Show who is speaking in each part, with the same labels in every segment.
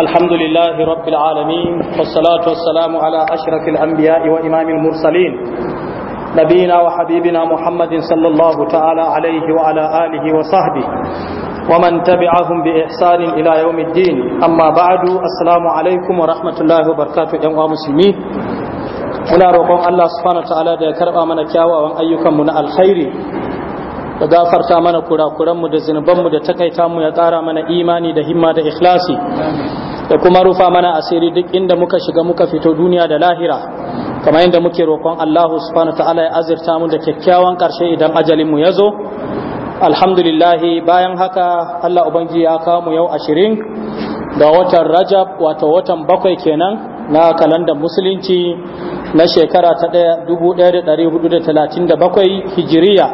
Speaker 1: الحمد لله رب العالمين والصلاة والسلام على أشرف الأنبياء وإمام المرسلين نبينا وحبيبنا محمد صلى الله تعالى عليه وعلى آله وصحبه ومن تبعهم بإحسان إلى يوم الدين أما بعد السلام عليكم ورحمة الله وبركاته يا مسلمين muna roƙon Allah subhanahu wa ta'ala da ya karɓa mana kyawawan ayyukanmu na alkhairi ya gafarta mana kurakuranmu da zunubanmu da takaita mu ya ƙara mana imani da himma da ikhlasi da kuma rufa mana asiri duk inda muka shiga muka fito duniya da lahira kamar yadda muke roƙon allahu subhanahu ta'ala ya azirta mu da kyakkyawan ƙarshe idan ajalin mu ya zo alhamdulillahi bayan haka Allah ubangiji ya kawo mu yau ashirin ga watan Rajab wato watan bakwai kenan na kalandar musulunci na shekara ta 1437 hijiriya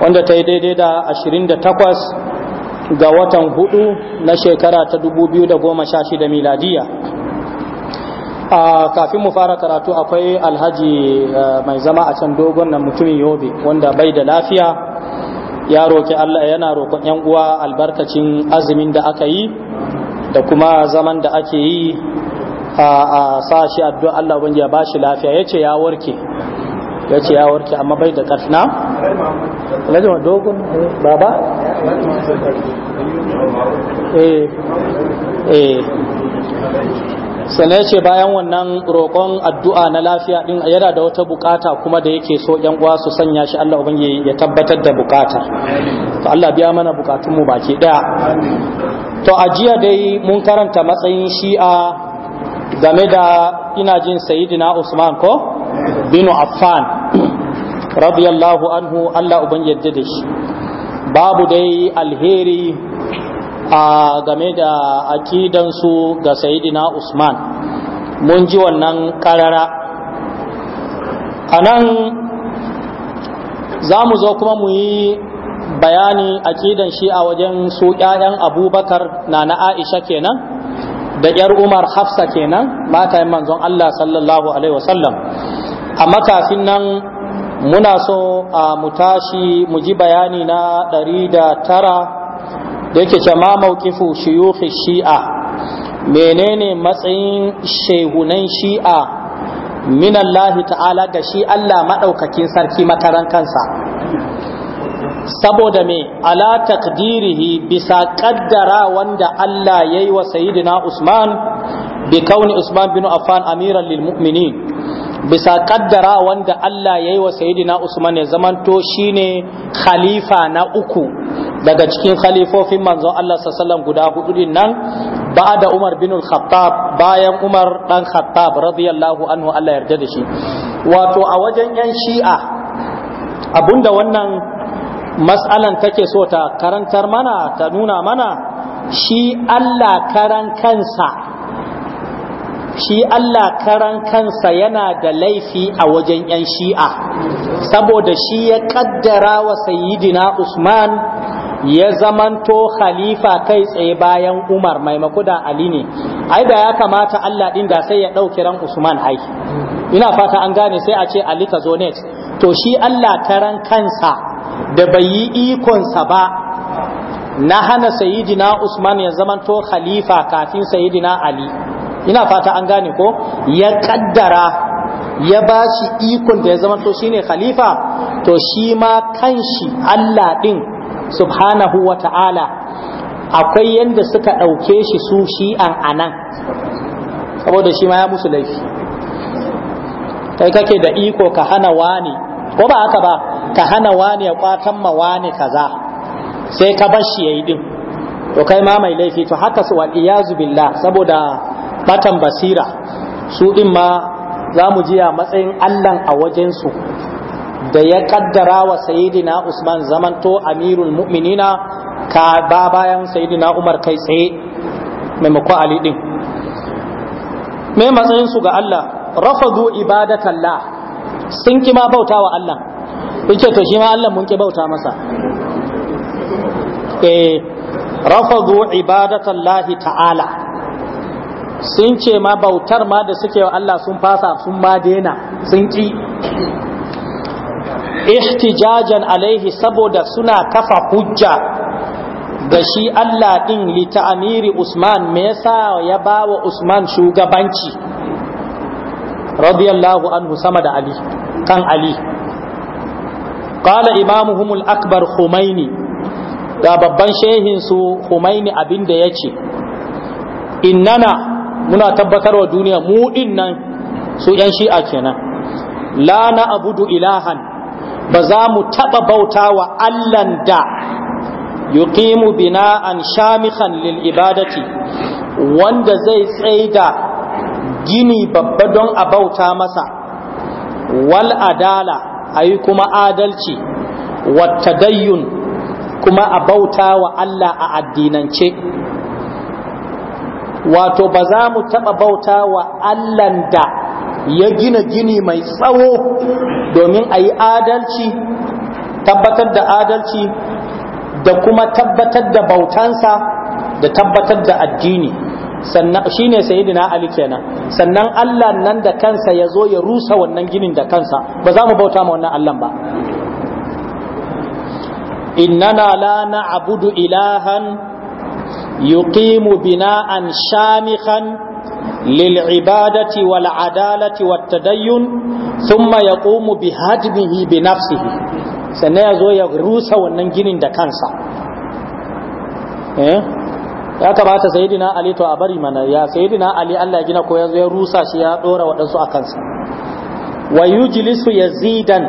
Speaker 1: wanda ta yi daidai da 28 ga watan hudu na shekara ta 2016 miladiya kafin mu fara karatu akwai alhaji eh, mai zama a can dogon na mutumin yobe wanda bai da lafiya ya roƙi Allah yana roƙon 'yan uwa albarkacin azumin da aka yi da kuma zaman da ake yi a sa shi addu'a Allah wanda ya ba shi lafiya ya ce ya warke ya ce ya warke amma bai da ƙarfina lajima dogon baba eh eh sannan ce bayan wannan roƙon addu'a na lafiya ɗin yana da wata bukata kuma da yake so ‘yan uwa su sanya shi Allah ubangi ya tabbatar da bukata to Allah biya mana bukatunmu baki ɗaya to a jiya dai mun karanta matsayin shi'a game da ina jin Saidina Usman ko Bino Affan radiyallahu anhu Allah uban yadda da shi babu dai alheri a game da akidansu ga sayidina Usman mun ji wannan karara a nan za mu zo kuma mu yi a akidan shi a wajen su ƴaƴan abubakar na na aisha kenan da ƴar umar hafsa kenan yi manzon allah sallallahu alaihi wasallam a matafin nan muna so a mu tashi mu ji bayani na ɗari da tara da yake ce ma shi'a menene matsayin shehunan shi'a minallahi ta'ala ga shi Allah maɗaukakin sarki makaran kansa saboda me ala takdirihi bisa kaddara wanda Allah ya yi wa sayidina Usman bi kauni Usman bin Affan amiran lil mu'minin bisa kaddara wanda Allah ya yi wa Sayyidina Usman ya zamanto shine khalifa na uku daga cikin khalifofin manzon Allah sallallahu guda hudu din nan da Umar bin al-Khattab bayan Umar dan Khattab radiyallahu anhu Allah yarda da shi wato a wajen yan Shi'a abunda wannan mas'alan take so ta karantar mana ta nuna mana shi Allah karan kansa shi Allah karan kansa yana da laifi a wajen 'yan shi'a saboda shi ya kaddara wa sayyidina Usman ya zamanto khalifa kai tsaye bayan Umar maimako da Ali ne ai da ya kamata Allah din da sai ya ɗauki ran Usman ai ina fata an gane sai a ce Ali ka zo ne. to shi Allah karan kansa da bai yi ikonsa ba na hana Sayyidina Usman ya zamanto khalifa kafin Sayyidina Ali ina fata an gane ko ya kaddara ya ba shi ikon da ya zama to shine khalifa to shi ma kanshi Allah din subhanahu wa ta'ala akwai yadda suka ɗauke shi su shi'an anan saboda shi ma ya musu laifi kai kake da iko ka hana wani ko ba haka ba ka hana wani ya kwatan ma wani kaza sai ka bar shi yayi din to kai ma mai laifi to haka su wa iyazu billah saboda batan basira su din ma za mu ji a matsayin allan a wajensu da ya kaddara wa sayidina usman zamanto amirul mu'minina ka ba bayan sayidina umar kai tsaye maimakon ali din me matsayin su ga allah rafadu ibadatallah sun ki ma bauta wa allah yake to shi ma allah mun ki bauta masa eh rafadu ibadatallahi ta'ala sun ce ma bautar ma da suke wa Allah sun fasa sun ma daina sun ki ihtijajan alaihi saboda suna kafa hujja da shi Allah din li Usman me yasa ya bawa Usman shugabanci radiyallahu anhu sama da Ali kan Ali qala imamuhum al-akbar Khumaini da babban shehin su Khumaini abinda yace innana muna tabbatar wa duniya mu din nan su yan shi'a kenan la na abudu ilahan ba za mu taɓa bauta wa allan da yuqimu bina'an shamikhan lil ibadati wanda zai tsaida gini babba don a bauta masa wal adala ayi kuma adalci wata tadayyun kuma a bauta wa Allah a addinance wato ba za mu taɓa bauta wa Allahn da ya gina gini mai tsawo domin a yi adalci tabbatar da adalci da kuma tabbatar da bautansa da tabbatar da addini sannan sai yi ali kenan sannan Allah nan da kansa ya zo ya rusa wannan ginin da kansa ba za mu bauta ma wannan Allah ba innana la abudu ilahan yuqimu bina'an shamikhan للعبادة والعدالة والتدين ثم يقوم بهدمه بنفسه sannan ya zo ya rusa wannan ginin da kansa eh? ya kamata sayidina ali to a bari mana ya sayidina ali Allah ya gina ko ya ya rusa shi ya dora waɗansu a kansa wa yujlisu yazidan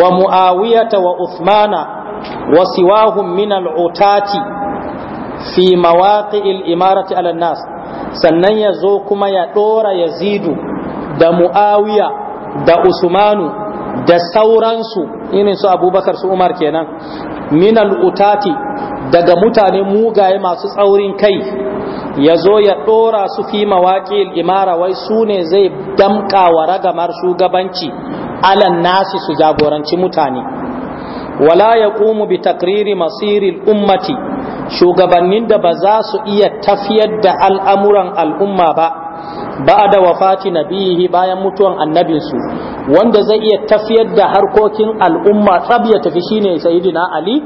Speaker 1: wa muawiyata wa uthmana wa siwahum min al-utati fi mawaqi'il imarati Alan nas sannan ya zo kuma ya dora yazidu da muawiya da usmanu da sauransu irin su abubakar su umar kenan minal utati daga mutane mugaye masu tsaurin kai ya zo ya ɗora su fi mawaƙi imara wai su ne zai damƙa wa ragamar shugabanci alan nasi su jagoranci mutane wala ya ƙumu bi takriri masiril ummati shugabannin da ba za su iya tafiyar da al'amuran al'umma ba ba da wafati nabihi bayan mutuwan annabinsu wanda zai iya tafiyar da harkokin al'umma tsab ya tafi shine sayyidina ali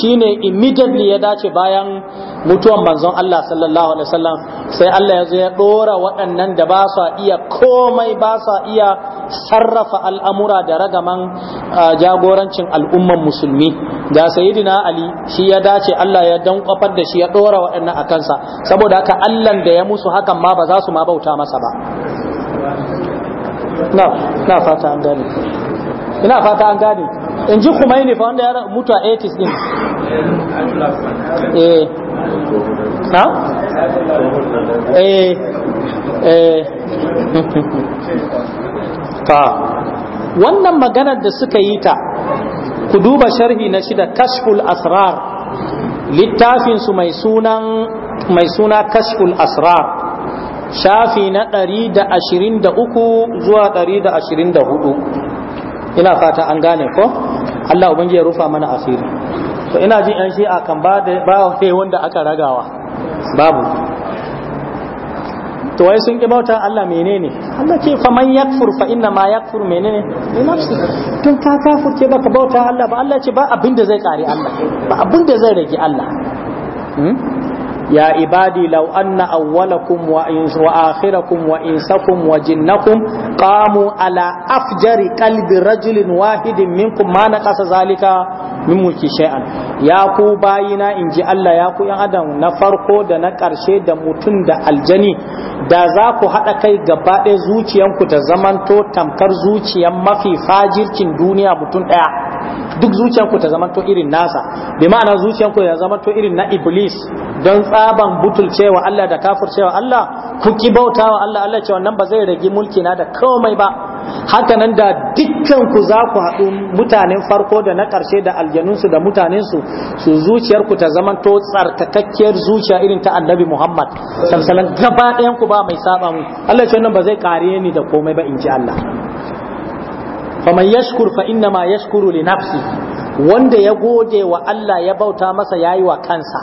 Speaker 1: shine immediately ya dace bayan mutuwan manzon Allah sallallahu alaihi wasallam sai Allah ya zo ya dora waɗannan da ba sa iya komai ba sa iya sarrafa al'amura da ragaman jagorancin al'umman musulmi da sayyidina ali shi ya dace Allah ya don kwafar da shi ya dora waɗannan a kansa saboda haka Allah da ya musu hakan ma ba za su ma bauta masa ba na fata an gane ina fata an gane in ji kuma ne fa wanda ya mutu a 80s din eh na eh eh ta wannan maganar da suka yi ta ku duba sharhi na shida kashful asrar littafin su mai sunan mai suna kashful asrar shafi na 123 zuwa 124 ina fata an gane ko Allah ubangiji ya rufa mana asiri to ina jin yan shi'a kan ba da ba sai wanda aka ragawa babu to wai sun ki bauta Allah menene Allah ce fa man yakfur fa inna ma yakfur menene ne nafsi tun ka kafurce baka bauta Allah ba Allah ce ba abinda zai kare Allah ba abinda zai rage Allah hmm? يا عبادي لو أن أولكم وآخركم وإنسكم وجنكم قاموا على أفجر قلب رجل واحد منكم ما نقص ذلك من ملك شيئا يا كو باينا إن جي الله يا كو يا أدم نفرقو دا كرشي دا دا الجني دا زاكو حتى كي قباء زوتي يمكو تزمن تو تمكر زوتي يمفي فاجر كن دنيا متن ايه duk zuciyarku ta zamanto irin nasa bi ma'ana zuciyarku ya zamanto irin na iblis don tsaban butulcewa Allah da kafircewa Allah ku ki bautawa Allah Allah cewa nan ba zai rage mulki na da komai ba haka nan da dukkan ku za ku haɗu mutanen farko da na ƙarshe da aljanunsu da mutanensu su zuciyarku ta zamanto tsarkakakkiyar zuciya irin ta annabi Muhammad sallallahu alaihi wasallam gaba ɗayan ku ba mai saba mu Allah cewa nan ba zai kare ni da komai ba in ji Allah faman yashkur fa inna ma yashkuru li nafsi wanda ya gode wa Allah ya bauta masa yayi wa kansa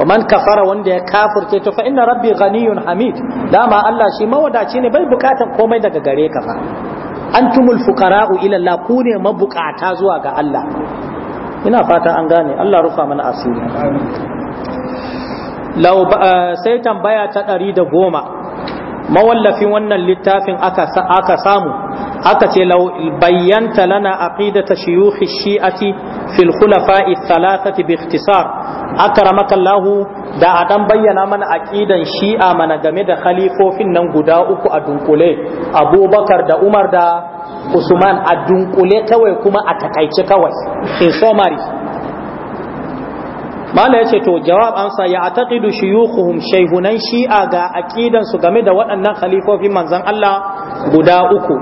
Speaker 1: wa man kafara wanda ya kafirce to fa inna rabbi ghaniyun hamid dama Allah shi mawadaci ne bai bukatar komai daga gare ka fa antumul fuqara'u ila Allah ku ne mabukata zuwa ga Allah ina fata an gane Allah rufa mana asiri eh, sai tambaya ta ɗari da goma mawallafin wannan littafin aka samu aka ce lau bayyanta lana aqidata shuyukhi shi'ati fil khulafa'i thalathati bi ikhtisar akramaka Allah da a bayyana mana aqidan shi'a mana game da khalifofin nan guda uku a dunkule Abubakar da Umar da Usman a dunkule kawai kuma a takaice kawai in summary mala ya ce to jawab ansa ya ataqidu shuyukhuhum shaihunan shi'a ga aqidan su game da waɗannan khalifofin manzan Allah guda uku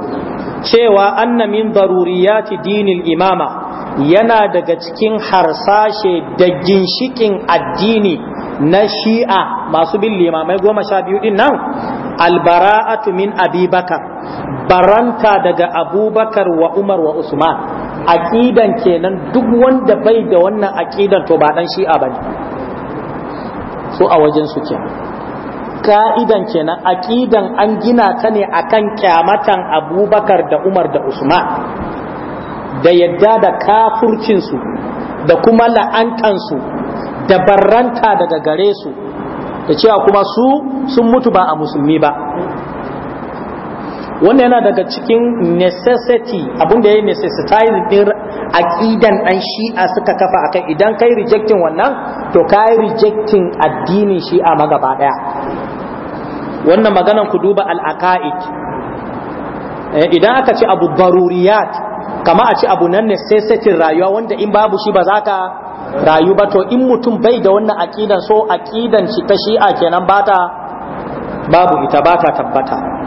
Speaker 1: cewa anna min daruriyati dinil imama yana daga cikin harsashe da ginshikin addini na shi'a masu bin limamai goma sha biyu din nan albara'atu min abubakar baranta daga abubakar wa umar wa usman aqidan kenan duk wanda bai da wannan aqidan to ba dan shi'a bane su a wajen su kenan ka'idan kenan aqidan an gina ta ne akan kyamatan Abubakar da Umar da Usman da yadda da kafurcin su da kuma la'antan su da barranta daga gare su da cewa kuma su sun mutu ba a musulmi ba wannan yana daga cikin necessity abinda ya yi necessitize din aqidan dan shi'a suka kafa akan idan kai rejecting wannan to kai rejecting addinin shi'a ma gaba daya wannan maganan ku duba al-aqaid eh, idan aka ce abu daruriyat kama a ce abu nan necessity rayuwa wanda in babu shi ba za ka rayu ba to in mutum bai da wannan aqidan so aqidan shi ta shi'a kenan bata babu ita bata tabbata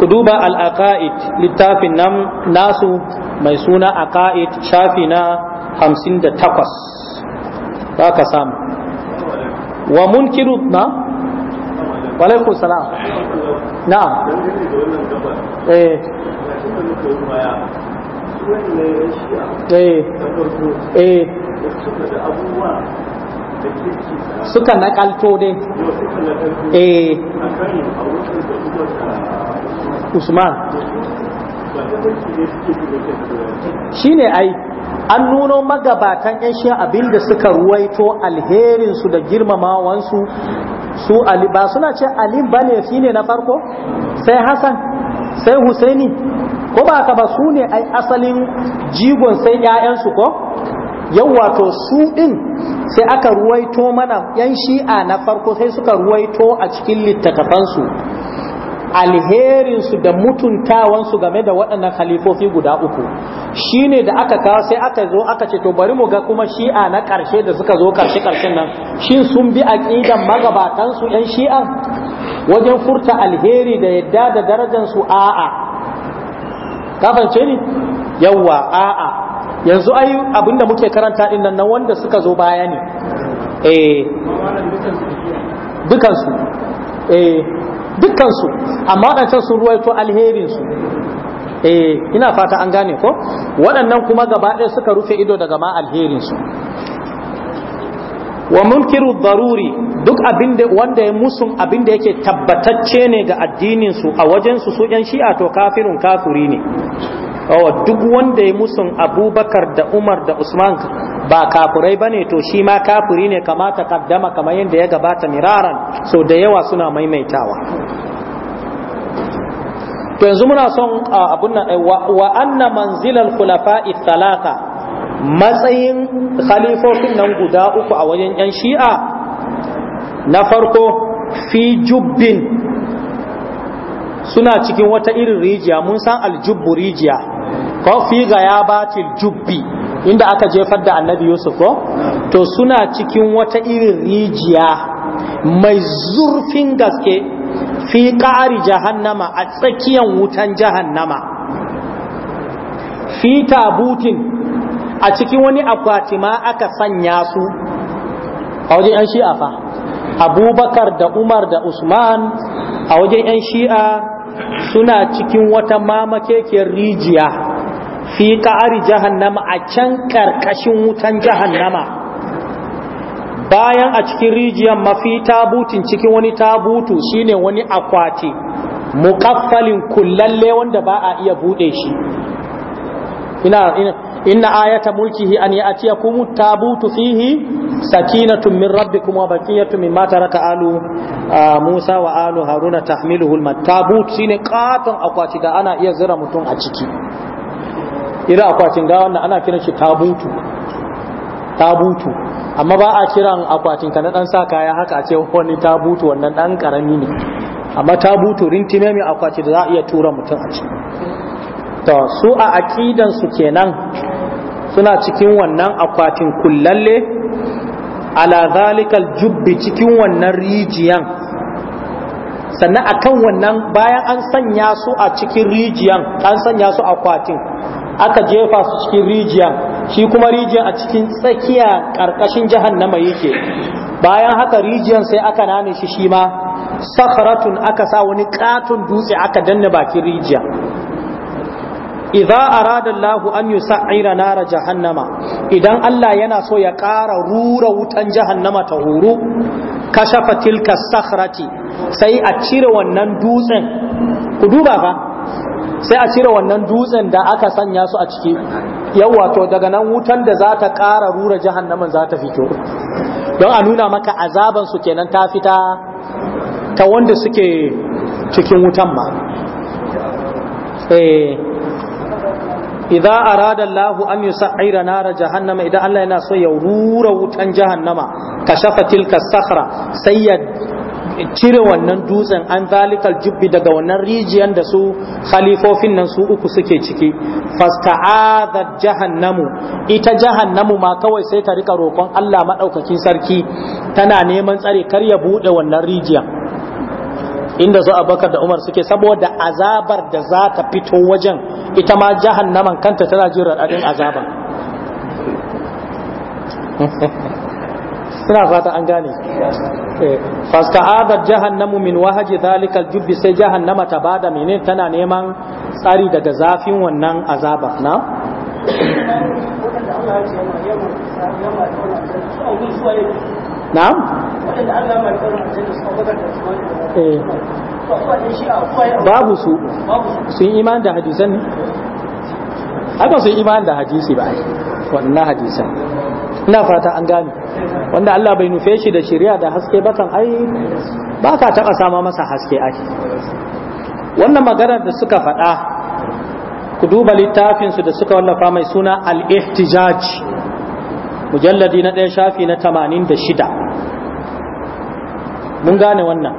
Speaker 1: ku duba al-aqaid littafin nan nasu mai suna aqaid shafi na 58 za ka samu wa munkiru na walaikun salam na'am eh. Eh. Eh. suka nakalto dai eh usman shine ai an nuno magabatan yan shi abinda suka ruwaito alherinsu da girmamawansu su ali ba suna ce ali bane ne na farko sai Hassan sai husaini ko ba ka ba su ne ai asalin jigon sai 'ya'yansu ko yau wato su ɗin sai aka ruwaito mana 'yan shi'a na farko sai suka ruwaito a cikin littattafansu alherinsu da mutuntawansu game da waɗannan halifofi guda uku shine da aka kawo sai aka zo aka ce to bari mu ga kuma shi'a na ƙarshe da suka zo ƙarshe ƙarshen nan shin sun bi ƙidan magabatansu yan shi'a wajen furta alheri da yadda da darajansu a'a kafance ni yawwa a'a yanzu ai abinda muke karanta din nan wanda suka zo baya ne eh. dukkansu amma waɗancan sun ruwaito alherinsu eh ina fata an gane ko waɗannan kuma gaba ɗaya suka rufe ido daga ma alherinsu wa munkiru daruri duk abin da wanda ya musu abin da yake tabbatacce ne ga addinin su a wajen su su yan shi'a to kafirun kafuri ne oh duk wanda ya musun abubakar da umar da usman ba kafurai ba ne to shi ma kafuri ne kamata kaddama kamar yadda ya gabata miraran so da yawa suna maimaitawa to yanzu muna son abun nan wa anna manzilal khulafa'i thalatha matsayin khalifofin nan guda uku a wajen yan shi'a na farko fi jubbin suna cikin wata irin rijiya mun san aljubbu rijiya ko fi gayabatil jubbi inda aka jefar da annabi yusuf ko to suna cikin wata irin rijiya mai zurfin gaske fi ƙari jahannama a tsakiyar wutan jahannama fi tabutin a cikin wani akwati ma aka sanya su a wajen 'yan shi'a fa abubakar da umar da usman a wajen 'yan shi'a suna cikin wata mamakekiyar rijiya fi ƙa'ari jahannama a can ƙarƙashin wutan jahannama bayan a cikin rijiyar mafi tabutin cikin wani tabutu shine wani akwati muƙaffalin kullalle wanda ba a iya buɗe shi ina inna ayata mulkihi an kuma tabutu fihi sakinatun min kuma wa baqiyatun mata raka alu Musa wa alu Haruna tahmiluhu al tabutu shine katon akwati da ana iya zira mutum a ciki irin akwatin gawa nan ana kiran shi tabutu tabutu amma ba a kiran akwatin ka na dan sa kaya haka a ce wani tabutu wannan dan karami ne amma tabutu rintime mai akwati da za a iya tura mutum a ciki to su a aqidan su kenan suna cikin wannan akwatin kullalle ala zalikal jubbi cikin wannan rijiyan sannan akan wannan bayan an sanya su a cikin rijiyan an sanya su akwatin aka jefa su cikin rijiya shi kuma rijiyan a cikin tsakiya ƙarƙashin jahannama yake bayan haka rijiyan sai aka name shi shi ma aka sa wani katon dutse aka danne bakin rijiya idza arada Allahu an yus'ira nara jahannama idan Allah yana so ya ƙara rura wutan jahannama ta huru kashafa tilka sakhrati sai a cire wannan dutsen ku duba fa sai a cire wannan dutsen da aka sanya su a ciki yau wato daga nan wutan da za ta ƙara rura jahannaman za ta fito don a nuna maka azaban su kenan ta fita ta wanda suke cikin wutan ma eh, arada Allah an yusahira nara jahannama idan Allah yana so ya rura wutan jahannama kashafa tilka sakhra sai ya cire wannan dutsen an zalikal jubbi daga wannan rijiyar da su khalifofin nan su uku suke ciki fasta'adat jahannamu ita jahannamu ma kawai sai ta rika rokon Allah madaukakin sarki tana neman tsare kar ya bude wannan rijiya inda su abakar da umar suke saboda azabar da za ta fito wajen ita ma jahannaman kanta tana jin raɗaɗin azaba ina fata an gane eh, fasta'adat jahannamu min wahaji zalikal jubbi sai jahannama ta bada mene tana neman tsari daga zafin wannan azaba na na eh. babu su sun iman da hadisan ne haka sun iman da hadisi ba wannan hadisan ina fata an gane wanda Allah bai nufe shi da shari'a da haske ba kan ai ba ka taɓa sama masa haske ai wannan maganar da suka faɗa ku duba littafinsu da suka wallafa mai suna al-ihtijaj mujalladi na ɗaya shafi na tamanin da shida mun gane wannan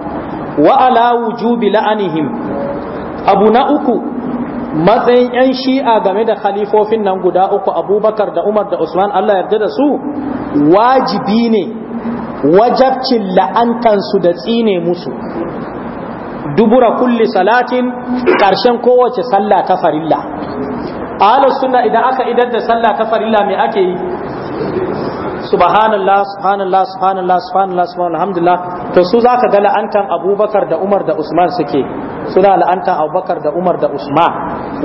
Speaker 1: wa ala wujubi la'anihim abu na uku matsayin 'yan shi'a game da khalifofin nan guda uku abubakar da umar da usman allah yarda da su wajibi ne wajabcin la'antansu da tsine musu dubura kulli salatin ƙarshen kowace sallah ta farilla ahalus sunna idan aka idar da sallah ta farilla mai ake yi subhanallah subhanallah subhanallah subhanallah subhanallah alhamdulillah to su za ka ga la'antan abubakar da umar da usman suke suna la'antan abubakar da umar da usman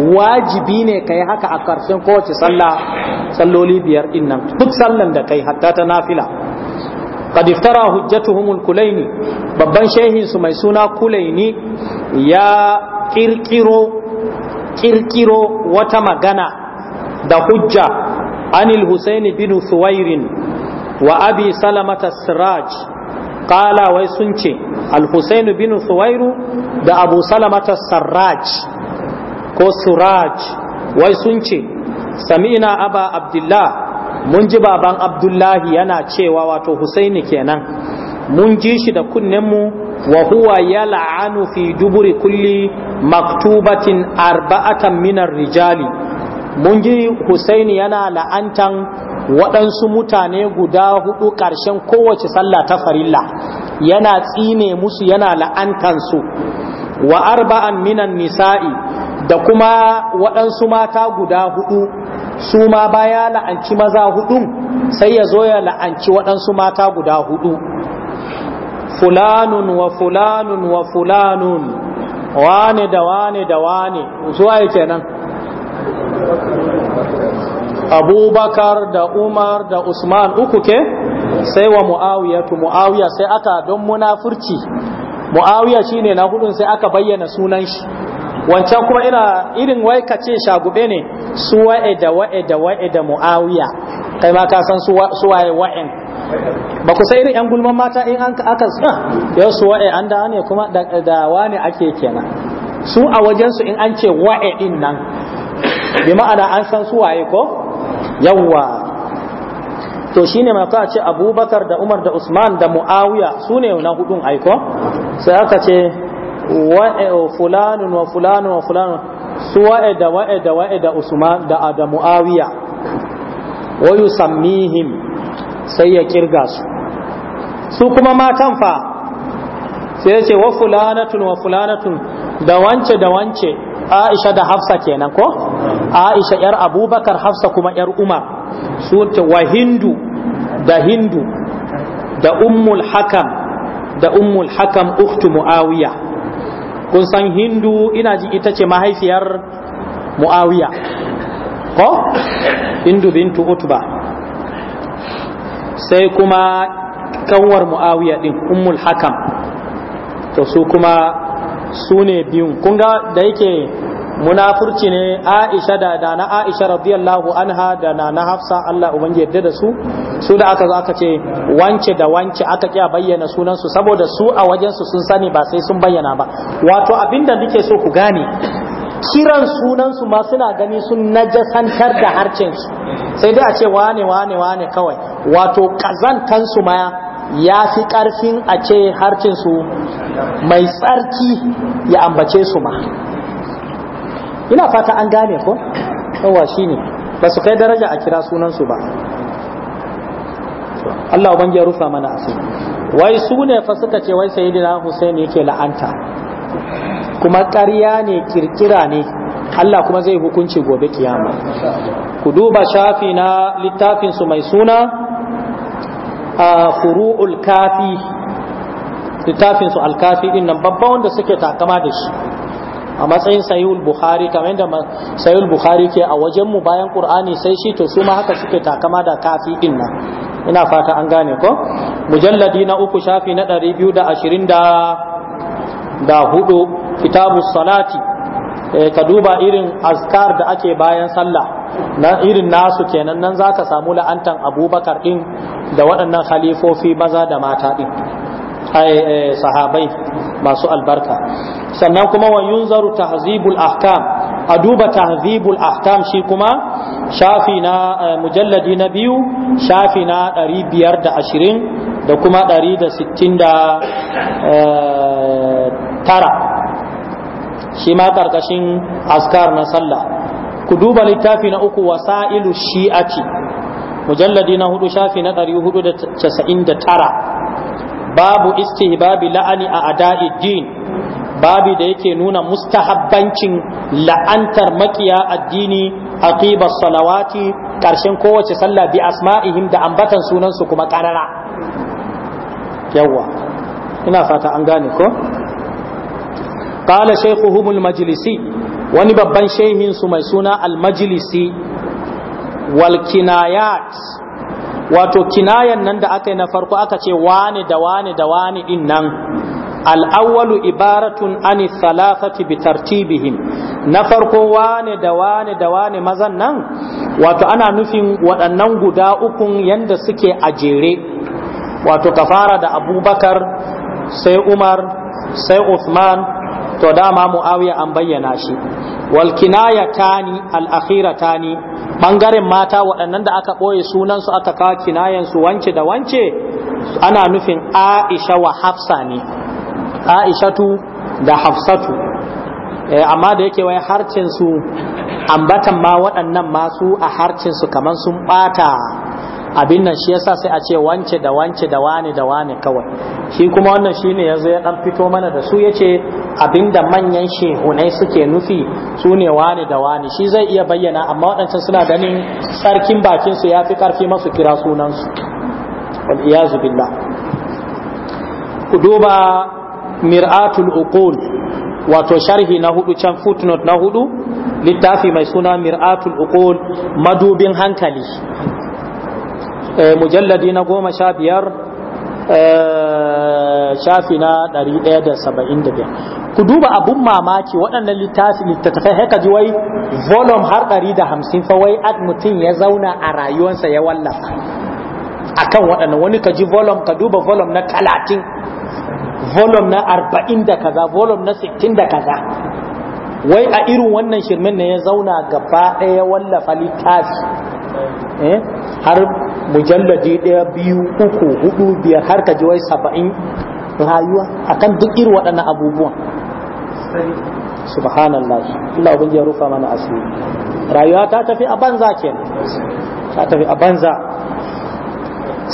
Speaker 1: wajibi ne kai haka a karshen kowace sallah salloli biyar din nan duk sallan da kai hatta ta nafila qad iftara hujjatuhum al-kulaini babban shehin su mai suna kulaini ya kirkiro kirkiro wata magana da hujja anil husaini bin suwairin wa abi salamata siraj qala wai sun ce al-husainu bin suwairu da abu salamata sarraj ko suraj wai sun ce sami'ina aba abdullah mun ji baban abdullahi yana cewa wato husaini kenan mun ji shi da kunnen mu wa huwa yal'anu fi duburi kulli maktubatin arba'atan minar rijali mun ji husaini yana la'antan waɗansu mutane guda hudu ƙarshen kowace sallah ta farilla yana tsine musu yana la'antansu wa arba'an minan nisa'i da kuma waɗansu mata guda hudu su ma baya la'anci maza hudun sai ya zo ya la'anci waɗansu mata guda hudu fulanun wa fulanun wa fulanun wane da wane da wane zuwa yi kenan abubakar da umar da usman uku ke sai wa mu'awiyatu mu'awiya sai aka don munafurci mu'awiya shine na hudun sai aka bayyana sunan shi wancan kuma ina irin wai ka ce shagube ne su wa'e da wa'e da wa'e da mu'awiya kai ma ka san su wa'e wa'en ba ku sai irin yan gulman mata in an aka san yau su wa'e an da ne kuma da wani ake kenan su a wajensu in an ce wa'e din nan bi ma'ana an san su waye ko yawwa to shine ma ka ce abubakar da umar da usman da mu'awiya su ne na hudun aiko sai aka ce Oh, fulanun wa fulanun wa fulanun su wa'e da wa'e da wa'e da usman da adamu awiya wayu sammihim sai ya kirga su su kuma matan fa sai ya ce wa fulanatun wa fulanatun da wance da wance Aisha da Hafsa kenan ko Aisha yar Abubakar Hafsa kuma yar Umar su ta wa Hindu da Hindu da Ummul Hakam da Ummul Hakam uktu Muawiya kun san hindu ina ji ita ce mahaifiyar mu'awiya ko hindu bintu utba sai kuma kanwar mu'awiya din ummul hakam to su kuma su ne biyun kun ga da yake munafurci ne Aisha da da na Aisha radiyallahu anha da na na Hafsa Allah ubangi yadda da su su da aka zo aka ce wance da wance aka kiya bayyana sunan su saboda su a wajen su sun sani ba sai sun bayyana ba wato abinda nake so ku gane kiran sunan su ma suna gani sun najasantar da harcin su sai dai a ce wane wane wane kawai wato kazantan su ma ya fi karfin a ce harcin su mai tsarki ya ambace su ma ina fata an gane ko yawa ne ba su kai daraja a kira sunansu ba Allah ban ya rufa mana asiri wai su ne fa suka ce wai sayyidina Hussein yake la'anta kuma ƙarya ne kirkira ne Allah kuma zai hukunci gobe kiyama ku duba shafi na littafin su mai suna a furu'ul kafi littafin su alkafi din nan babban wanda suke takama da shi a matsayin sayul bukhari kamar yadda sayul bukhari ke a wajen mu bayan qur'ani sai shi to su ma haka suke takama da kafi din nan ina fata an gane ko mujalladi na uku shafi na biyu da da hudu kitabu salati eh, ka duba irin azkar da ake bayan sallah na irin nasu kenan nan zaka samu la'antan abubakar din da waɗannan khalifofi maza da mata din Eh, sahabai masu albarka sannan kuma wa yunzaru tahzibul ahkam a duba tahzibul ahkam shi kuma shafi na eh, mujalladi na biyu shafi na 520 da kuma 169 eh, shi ma karkashin askar na sallah ku duba littafi na uku wasa'ilu shi'ati mujalladi na hudu shafi na 499 babu istihbabi la'ani a ada'i din babi da yake nuna mustahabbancin la'antar makiya addini aqiba salawati karshen kowace sallah bi asma'ihim da ambatan sunansu kuma ƙarara. Yawwa ina fata an gane ko qala shaykhuhum al-majlisi wani babban shaihinsu mai suna al-majlisi wal kinayat wato kinayan nan da aka yi na farko aka ce wani da wani da wani din nan al'awwalu ibaratun ani salafati bi tartibihim na farko wani da wani da wani mazan nan wato ana nufin waɗannan guda ukun yanda suke a jere wato ka fara da abubakar sai umar sai usman to dama mu'awiya an bayyana shi walkinaya tani al'akhira tani ɓangaren mata waɗannan da aka ɓoye sunansu aka kawo su wance da wance ana nufin aisha wa hafsa ne aishatu da hafsatu eh, amma da yake wai harcinsu ambatan ma waɗannan masu a harcinsu kamar sun ɓata abin nan shi yasa sai a ce wance da wance da wane da wane kawai shi kuma wannan shine yanzu ya dan fito mana da su yace abinda manyan shehunai suke nufi su ne wane da wane shi zai iya bayyana amma waɗancan suna ganin sarkin bakin su yafi karfi masu kira sunan su wal iyazu billah ku duba mir'atul uqul wato sharhi na hudu can footnote na hudu littafi mai suna mir'atul uqul madubin hankali Eh, mujalladi na goma sha biyar eh, shafi na ɗari ɗaya da saba'in da biyar ku duba abun mamaki waɗannan littattafai haka ji wai volum har ɗari da hamsin fa wai ad mutum ya zauna a rayuwarsa ya wallafa A kan waɗannan wani ka ji volum ka duba volum na talatin volum na arba'in da kaza volum na sittin da kaza wai a irin wannan shirmin ne ya zauna gaba ɗaya wallafa littafi eh, har mujalladi ɗaya biyu uku hudu biyar har ka ji wai saba'in rayuwa akan duk irin waɗannan abubuwan subhanallah Allah ubin ya rufa mana asiri rayuwa ta tafi a banza ke ta tafi a banza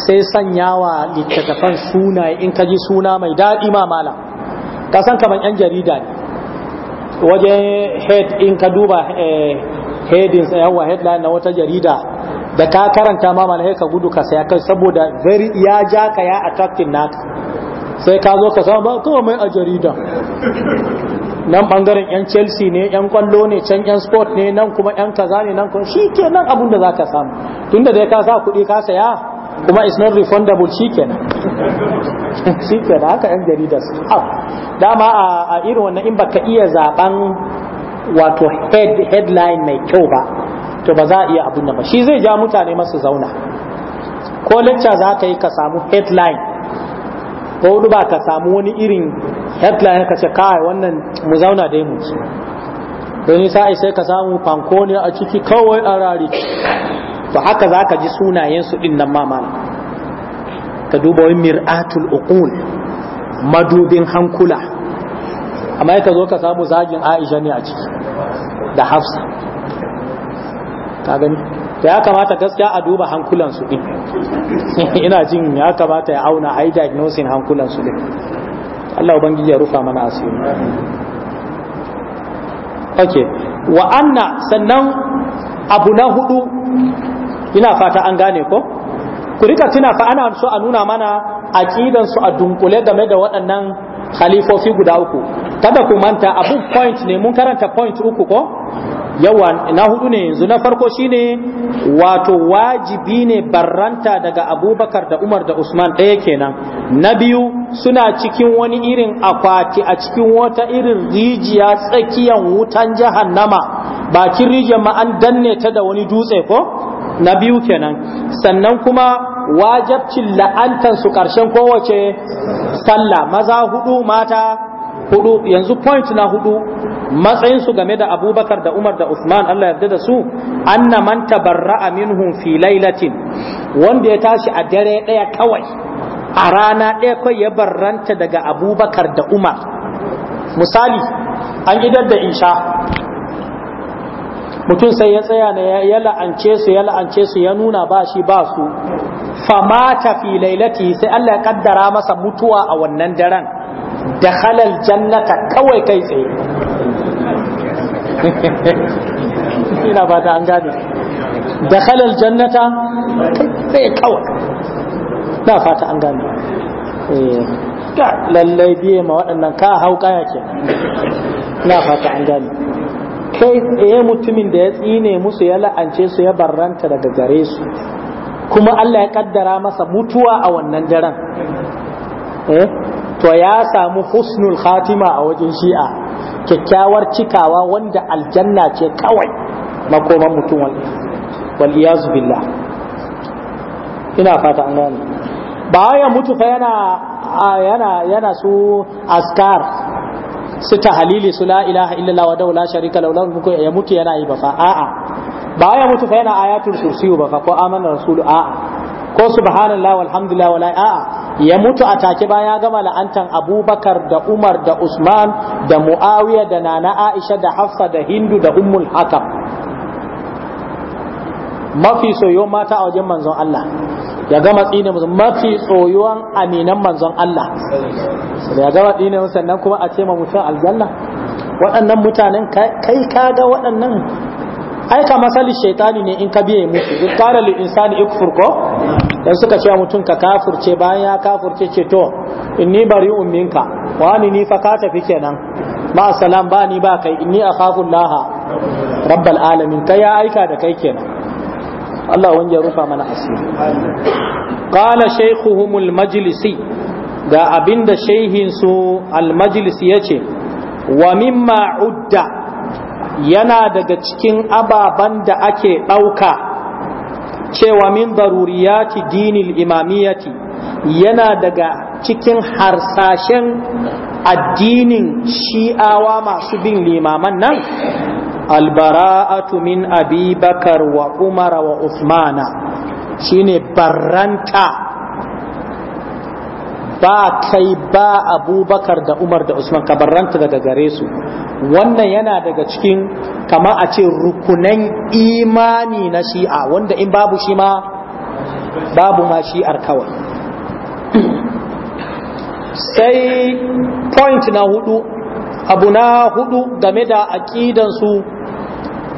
Speaker 1: sai sanyawa littattafan sunaye in ka ji suna mai daɗi ma malam ka san kamar yan jarida ne wajen head in ka duba eh, headings yawa headline na wata jarida da ka karanta ma mana ka gudu ka saya kai saboda very ya ja ka ya attacking naka sai ka zo ka samu ba kawai mai a jarida nan bangaren yan chelsea ne yan kwallo ne can yan sport ne nan kuma yan kaza ne nan kuma shikenan abun da zaka samu tunda dai ka sa kuɗi ka saya kuma is not refundable shikenan shikenan haka yan jarida su dama a irin wannan in baka iya zaben wato head headline mai kyau ba to ba za a iya abin da ba shi zai ja mutane masu zauna ko lacca za ka yi ka samu headline ko wani ba ka samu wani irin headline ka ce kawai wannan mu zauna dai mu ci don sa'i sai ka samu fanko a ciki kawai a rari to haka za ka ji sunayensu ɗin nan mama. ka duba wani mir'atul uqul madubin hankula amma ka zo ka samu zagin aisha ne a ciki da hafsa ka gani to ya kamata gaskiya a duba hankulan su din ina jin ya kamata ya auna ai diagnosing hankulan su din Allah ubangiji ya rufa mana asiri ake wa anna sannan abu na hudu ina fata an gane ko ku rika tuna fa ana so a nuna mana aqidan su a dunkule game da waɗannan khalifofi guda uku kada ku manta abu point ne mun karanta point uku ko yawa na hudu ne yanzu na farko shine wato wajibi ne barranta daga abubakar da umar da usman ɗaya kenan na biyu suna cikin wani irin akwati a cikin wata irin rijiya tsakiyan wutan nama bakin rijiyar ma an danne ta da wani dutse ko na biyu kenan sannan kuma wajabcin la'antar su ƙarshen kowace sallah maza hudu mata hudu yanzu point na hudu Matsayin su game da abubakar da umar da usman allah yarda da su anna man tabarra'a minhum fi lailatin wanda ya tashi a dare ɗaya kawai a rana ɗaya kawai ya barranta daga abubakar da umar misali an idar da insha mutum sai ya tsaya na ya la'ance su ya la'ance su ya nuna ba shi ba su famata fi lailati sai allah ya kaddara masa mutuwa a wannan daren da halal jannata kawai kai tsaye ina ba ta an gane da halal jannata sai kawai na fata an gane eh, lallai biye ma waɗannan ka hau kaya ke na fata an gane kai tsaye mutumin da ya tsine musu ya la'ance su ya barranta daga gare su kuma Allah ya kaddara masa mutuwa a wannan daren eh to ya samu husnul khatima a wajen shi'a kyakkyawar cikawa wanda aljanna ce kawai makoman mutum wal iyazu billah ina fata an gane ba ya mutu fa yana yana yana su askar su tahalili su la ilaha illallah wa daula sharika laulan muku ya mutu yana yi ba fa a'a ba ya mutu fa yana ayatul kursiyu ba fa ko amana rasulu a'a ko subhanallah walhamdulillah wala a'a ya mutu a take ba ya gama la'antan abubakar da umar da usman da muawiya da nana aisha da hafsa da hindu da ummul hakam mafi soyuwan mata a wajen manzon Allah ya gama tsine musu mafi tsoyuwan aminan manzon Allah ya gama tsine musu sannan kuma a ce ma mutum aljanna waɗannan mutanen kai ka ga waɗannan ai ka masali shaitani ne in ka biye musu in kana lil insani ikfur ko dan suka ce mutum ka kafirce bayan ya kafirce ce to inni bari'un minka wani ni fa ka tafi kenan ba salam ba ni ba kai inni akhafu laha rabbal alamin kai ya aika da kai kenan Allah wanda ya rufa mana asiri qala shaykhuhum al da ga abinda shehin su al yace wa mimma udda yana daga cikin ababan da ake ɗauka cewa min daruriyati dinil imamiyati yana daga cikin harsashen addinin shi'awa masu bin limaman nan albara'atu min abi wa umara wa usmana shine barranta ba kai ba abubakar da umar da usman ka daga gare su wannan yana daga cikin kama a ce rukunan imani na shi'a wanda in babu shi ma babu ma shi'ar kawai sai point na hudu abu na hudu game da aƙidansu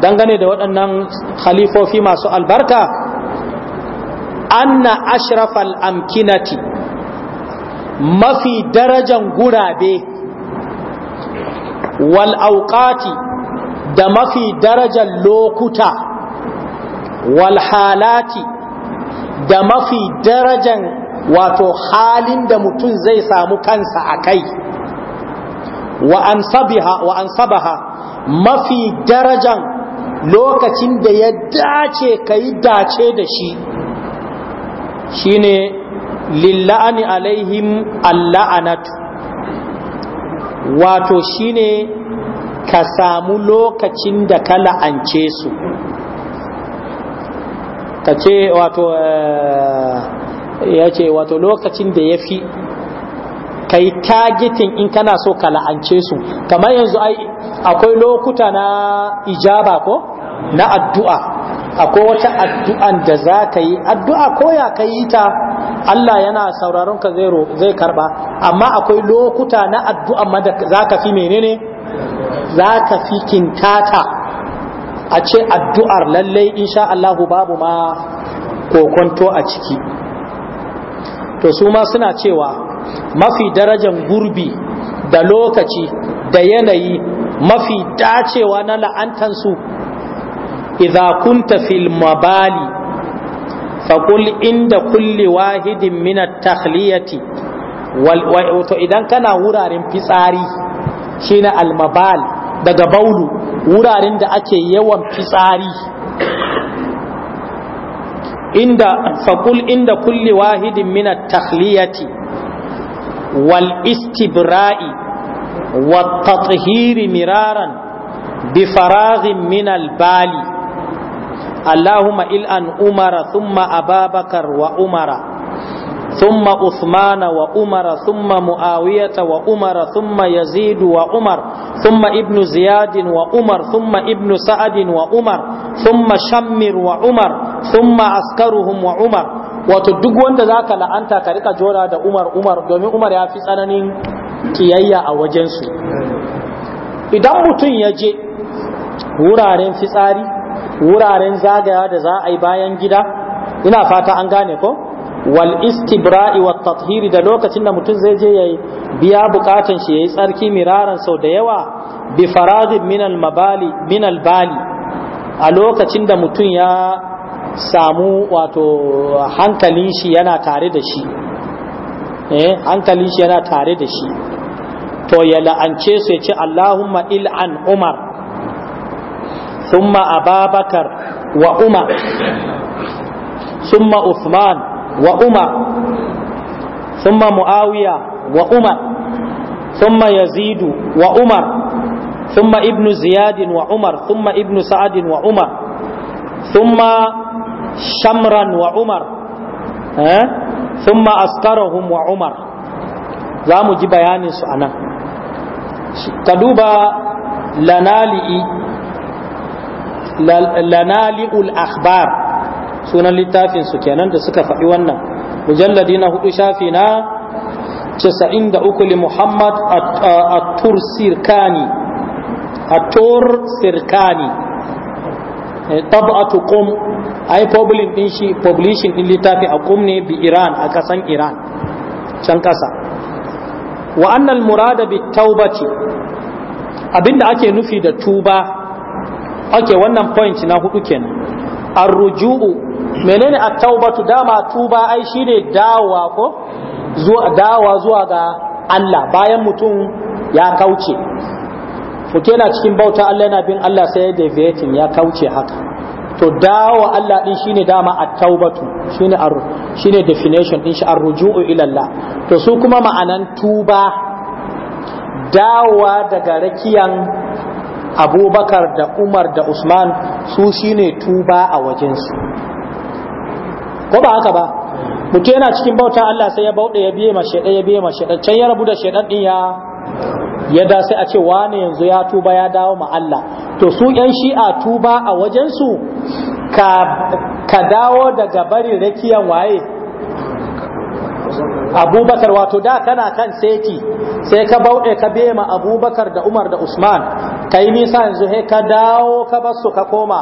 Speaker 1: dangane da waɗannan khalifofi masu albarka anna ashrafal amkinati mafi darajan gurabe wal auqati da mafi darajan lokuta wal halati da mafi darajan wato halin da mutum zai samu kansa a kai wa an mafi darajan lokacin da ya dace ka yi dace da shi shine lilla'ani alaihim alla'anatu wato shine ka samu lokacin da ka la'ance su ka ce wato eh, ya ce wato lokacin da ya fi ka yi tagitin in kana so ka la'ance su kamar yanzu akwai lokuta na ijaba ko na addu'a akwai wata addu'an da za ka yi addu'a ko ya ka yi ta Allah yana sauraron ka zai zai karba amma akwai lokuta na addu'a ma zaka fi menene zaka fi kintata a ce addu'ar lalle insha Allah babu ma kokonto a ciki to su ma suna cewa mafi darajan gurbi da lokaci da yanayi mafi dacewa na la'antansu idza kunta fil mabali faƙul inda kulli wahidin minat takhliyati to idan kana wuraren fitsari shine almabal daga baulu wuraren da ake yawan fitsari inda inda kulli wahidin mina takliyati, wal istibra'i wa tathiri miraran bifarari faraghin min al bali ma il'an umara thumma ababakar wa'umara, umara thumma usmana wa umara thumma muawiyata wa umara thumma yazidu wa umar thumma ibnu ziyadin wa umar thumma ibnu sa'adin wa umar thumma shammir wa umar thumma wato duk wanda zaka la'anta ka rika jora da umar umar domin umar ya fi tsananin kiyayya a wajensu idan mutum ya je wuraren fitsari wuraren zagaya da za a yi bayan gida ina fata an gane ko wal istibra'i wa tathiri da lokacin da mutum zai je yayi biya bukatan shi yayi tsarki miraran sau da yawa bi faradin min al mabali min al bali a lokacin da mutum ya samu wato hankalin shi yana tare da shi eh hankalin shi yana tare da shi to ya la'ance su ya ce Allahumma il'an Umar ثم أبا بكر وأمر ثم عثمان وأمر ثم معاوية وأمر ثم يزيد وأمر ثم ابن زياد وعمر ثم ابن سعد وعمر ثم شمرا وعمر أه؟ ثم أسكرهم وعمر za mu ji bayaninsu a nan ka duba lanali'i lanali'ul akhbar sunan littafin su kenan da suka faɗi wannan mujalladi na hudu shafi na uku li muhammad Atur sirkani at sirkani eh, tab'atu qum ai publishing din shi din littafi a qum ne bi iran a kasan iran can kasa wa annal murada abinda ake nufi da tuba ok wannan point na hudu kenan arruju'u menene at-taubatu dama tuba ai shine dawa ko zuwa dawa zuwa ga Allah bayan mutum ya kauce to na cikin bauta Allah yana bin Allah sai ya deviating ya kauce haka to dawa Allah din shine dama at-taubatu shine ar shine definition din shi arruju'u ila Allah to su kuma ma'anan tuba dawa daga rakiyan abubakar da umar da usman su shine tuba a wajensu ko ba haka ba Mutu yana cikin bauta Allah sai ya bauɗe ya biye ma ya biye ma can ya rabu da shaidan din ya ya da sai a ce wane yanzu ya tuba ya dawo ma Allah to su ƴan shi'a tuba a wajensu ka ka dawo daga bari rakiyan waye abubakar wato da kana kan seti sai ka bauɗe ka biye ma abubakar da umar da usman ka yi nisa yanzu he ka dawo ka basu ka koma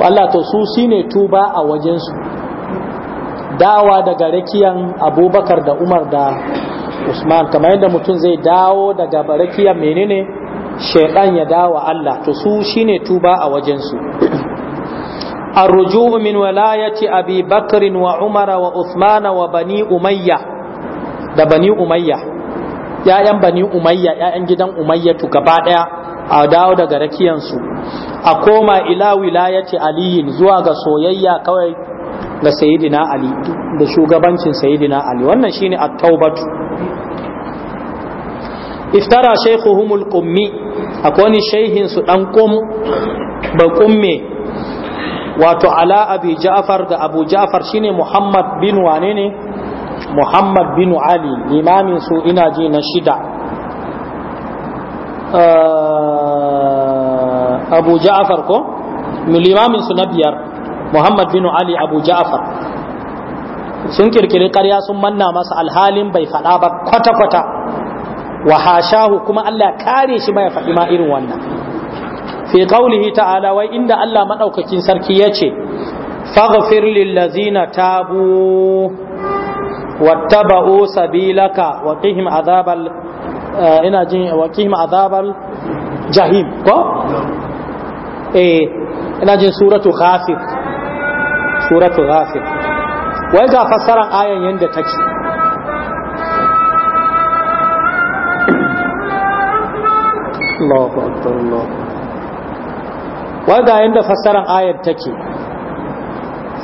Speaker 1: Allah to su shine tuba a wajensu dawa daga rakiyan abubakar da umar da usman kamar yadda mutum zai dawo daga rakiyan menene shaidan ya dawa Allah to su shine tuba a wajensu الرجوع من ولاية أبي بكر وعمر وعثمان وبني أمية ده بني أمية ‘ya'yan bani umayya ‘ya'yan gidan umayyatu gaba ɗaya a dawo daga rakiyansu a koma ila wilayati ali zuwa ga soyayya kawai ga sayyidina ali da shugabancin sayyidina ali wannan shine at-taubatu iftara shaykhuhumul qummi akwai ni shaykhin su dan qum ba qumme wato ala abi ja'far ga abu ja'far shine muhammad bin wane ne muhammad bin ali limamin ina ji na shida eh, abu ja'afar ko limamin na biyar muhammad bin ali sun kirkiri karya sun manna masa alhalin bai faɗa ba kwata-kwata wa hashahu kuma allah kare shi bai faɗi ma irin wannan fi qaulihi ta'ala wai inda allah madaukakin sarki ya ce faghfir lil ladzina tabu wattaba'u sabilaka wa qihim azabal ina jin wa qihim azabal jahim ko eh ina jin suratu ghafir suratu ghafir wai ga fassarar ayan yanda take Allahu akbar Allah wai ga yanda fassarar ayan take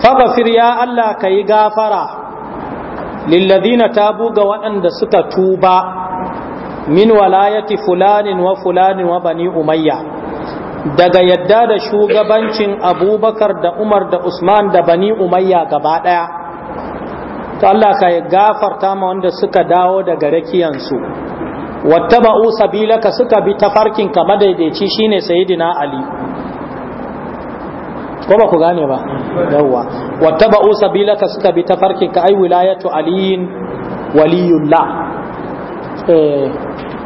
Speaker 1: fa ya Allah kai gafara lilladina tabu ga waɗanda suka tuba min walayati fulanin wa fulanin wa bani umayya daga yadda da shugabancin abubakar da umar da usman da bani umayya gaba ɗaya to Allah ka gafarta ma wanda suka dawo daga rakiyansu wattaba'u sabilaka suka bi tafarkin ka madaidaici shine saidina ali ko ba ku gane ba yawwa wattaba'u sabilaka suka bi tafarkin ka ai wilayatu aliyin waliyullah eh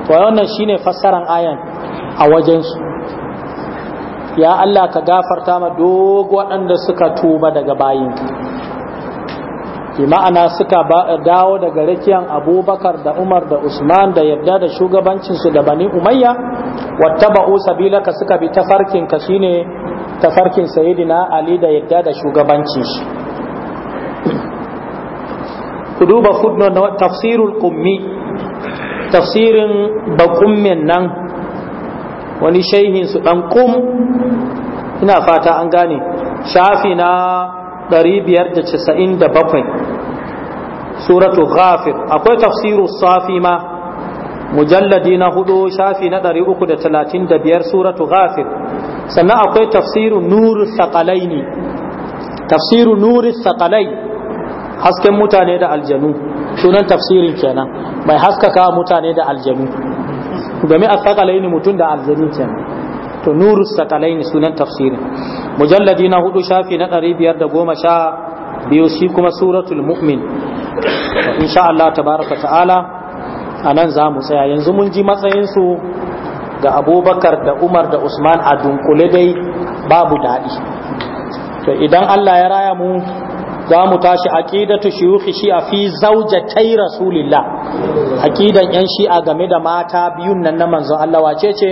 Speaker 1: to wannan shine fassaran ayan a wajen su ya Allah ka gafarta ma duk waɗanda suka tuba daga ka. Ke ma'ana suka dawo daga rakiyan abubakar da umar da usman da yarda da shugabancinsu da bani umayya wattaba'u sabilaka suka bi ka shine tafarkin sayidina ali da yadda da shugabancin shi duba fudno na tafsirul kummi tafsirin bakummin nan wani shaihin su dan kum ina fata an gane shafi na 597 suratu ghafir akwai tafsiru safi ma mujalladi na hudu shafi na 335 suratu ghafir sannan akwai tafsiru saƙalai saƙalaini tafsiru nuru saƙalai hasken mutane da aljanu sunan tafsirin kenan mai haskaka mutane da aljanu game a saƙalai saƙalaini mutum da aljanu kenan to saƙalai saƙalaini sunan tafsirin mujalladi na hudu shafi na ɗari biyar da goma sha biyu shi kuma suratul mu'min insha Allah tabaraka ta'ala a nan za mu tsaya yanzu mun ji matsayinsu da abubakar da umar da usman a dunkule dai babu daɗi to idan allah ya raya mu za mu tashi aƙidatu shuyukh shi'a fi zawjatai rasulillah aƙidan yan shi'a game da mata biyun nan na manzon Allah wace ce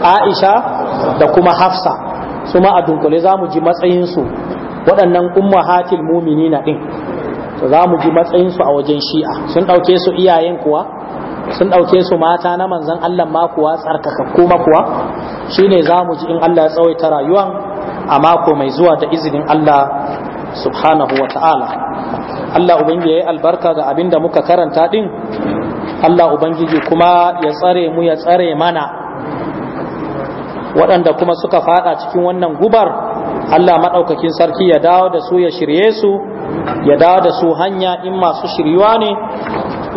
Speaker 1: Aisha da kuma Hafsa Suma a dunkule za mu ji matsayin su waɗannan ummahatil mumini din to za mu ji matsayin su a wajen shi'a sun ɗauke su iyayen kuwa sun ɗauke su mata na manzan Allah ma kuwa tsarkakakku kuma kuwa shine za mu ji in Allah ya tsawaita rayuwan a mako mai zuwa da izinin Allah subhanahu wa ta'ala Allah ubangiji yi albarka ga abinda muka karanta din Allah ubangiji kuma ya tsare mu ya tsare mana waɗanda kuma suka faɗa cikin wannan gubar Allah maɗaukakin sarki ya dawo da su ya shirye su ya dawo da su hanya in masu shiryuwa ne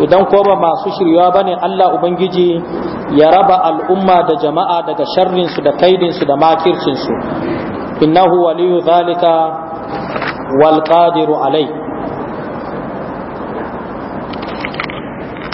Speaker 1: idan ko ba masu shiryawa bane Allah ubangiji ya raba al'umma da jama'a daga sharrinsu da kaidinsu su da makircin su innahu waliyu zalika wal qadiru alai